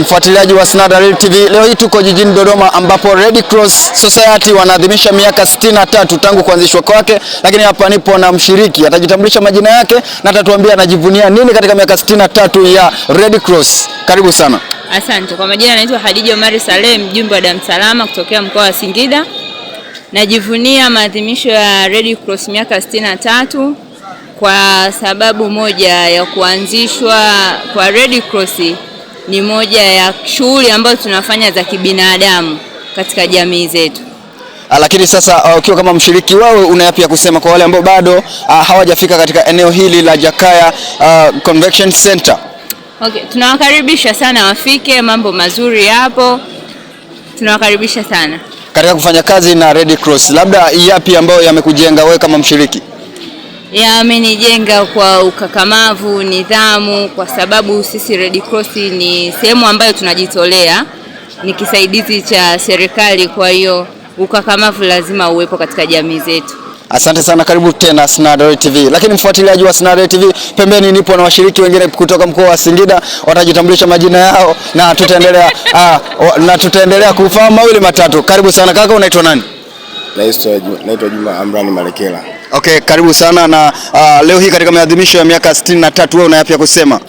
Mfuatiliaji wa Real TV, leo hii tuko jijini Dodoma ambapo Red Cross Society wanaadhimisha miaka 63 tangu kuanzishwa kwake, lakini hapa nipo na mshiriki atajitambulisha majina yake na atatuambia anajivunia nini katika miaka 63 ya Red Cross. Karibu sana. Asante. Kwa majina anaitwa Hadija Omari Saleh, mjumbe wa Dar salama kutokea mkoa wa Singida. Najivunia maadhimisho ya Red Cross miaka 63 kwa sababu moja ya kuanzishwa kwa Red Cross ni moja ya shughuli ambazo tunafanya za kibinadamu katika jamii zetu. Ah, lakini sasa ah, ukiwa uh, kama mshiriki wao, una yapi ya kusema kwa wale ambao bado uh, hawajafika katika eneo hili la Jakaya uh, Convention Center? Okay, tunawakaribisha sana wafike, mambo mazuri hapo, tunawakaribisha sana katika kufanya kazi na Red Cross. Labda yapi ambayo yamekujenga wewe kama mshiriki? yamenijenga kwa ukakamavu, nidhamu, kwa sababu sisi Red Cross ni sehemu ambayo tunajitolea, ni kisaidizi cha serikali. Kwa hiyo ukakamavu lazima uwepo katika jamii zetu. Asante sana, karibu tena Snadarehe TV. Lakini mfuatiliaji wa Snadarehe TV, pembeni nipo na washiriki wengine kutoka mkoa wa Singida, watajitambulisha majina yao na tutaendelea ah, na tutaendelea kufahamu mawili matatu. Karibu sana kaka, unaitwa nani? Naitwa Juma Amrani Malekela. Okay, karibu sana na uh, leo hii katika maadhimisho ya miaka 63 wewe una yapi ya kusema?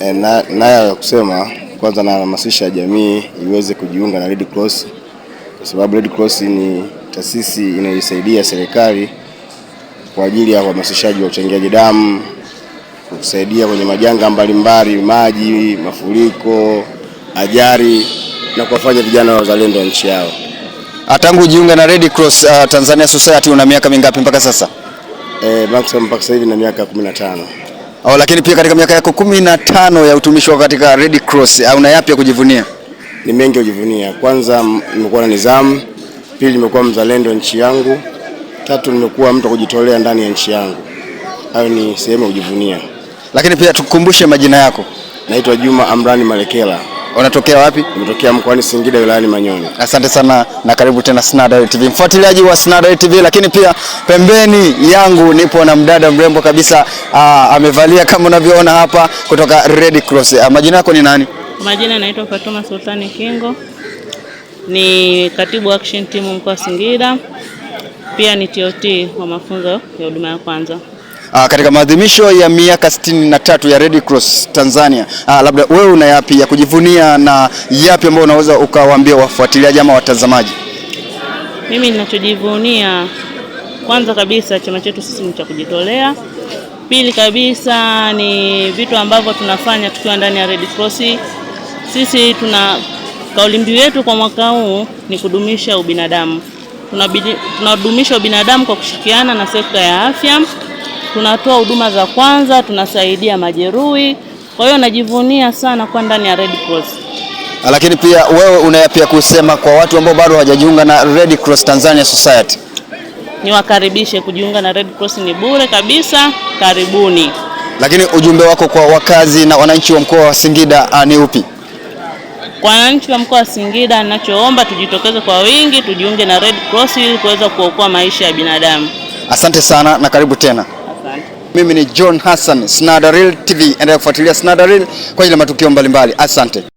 E, na, na ya kusema kwanza nahamasisha jamii iweze kujiunga na Red Cross kwa sababu Red Cross ni taasisi inayoisaidia serikali kwa ajili ya uhamasishaji wa uchangiaji damu, kusaidia kwenye majanga mbalimbali, maji, mafuriko, ajali na kuwafanya vijana wa wazalendo wa nchi yao. Ah, tangu ujiunga na Red Cross uh, Tanzania Society una miaka mingapi mpaka sasa? Eh, mpaka sasa hivi na miaka 15. Au lakini pia katika miaka yako 15 ya utumishi wako katika Red Cross ah, una yapi ya kujivunia? Ni mengi kujivunia. Kwanza nimekuwa na nidhamu, pili nimekuwa mzalendo nchi yangu, tatu nimekuwa mtu kujitolea ndani ya nchi yangu. Hayo ni sehemu ya kujivunia. Lakini pia tukumbushe majina yako. Naitwa Juma Amrani Malekela. Unatokea wapi? Nimetokea mkoani Singida wilayani Manyoni. Asante sana na karibu tena Snada TV. Mfuatiliaji wa Snada TV, lakini pia pembeni yangu nipo na mdada mrembo kabisa aa, amevalia kama unavyoona hapa kutoka Red Cross. Majina yako ni nani? Majina naitwa Fatuma Sultani Kingo. Ni katibu action team mkoa Singida. Pia ni TOT wa mafunzo ya huduma ya kwanza. Aa, ah, katika maadhimisho ya miaka na tatu ya Red Cross Tanzania. Aa, ah, labda wewe una yapi ya kujivunia na yapi ambayo unaweza ukawaambia wafuatiliaji ama watazamaji? Mimi ninachojivunia kwanza kabisa chama chetu sisi ni cha kujitolea. Pili kabisa ni vitu ambavyo tunafanya tukiwa ndani ya Red Cross. Sisi tuna kauli mbiu yetu kwa mwaka huu ni kudumisha ubinadamu. Tunadumisha ubinadamu kwa kushirikiana na sekta ya afya tunatoa huduma za kwanza, tunasaidia majeruhi. Kwa hiyo najivunia sana kwa ndani ya Red Cross. Ah, lakini pia wewe unaya pia kusema kwa watu ambao bado hawajajiunga na Red Cross Tanzania Society? Niwakaribishe kujiunga na Red Cross, ni bure kabisa, karibuni. Lakini ujumbe wako kwa wakazi na wananchi wa mkoa wa Singida ah, ni upi? Kwa wananchi wa mkoa wa Singida, ninachoomba tujitokeze kwa wingi, tujiunge na Red Cross ili kuweza kuokoa maisha ya binadamu. Asante sana na karibu tena. Mimi ni John Hassan, Snadaril TV, endelea kufuatilia Snadaril kwa ajili ya matukio mbalimbali Asante.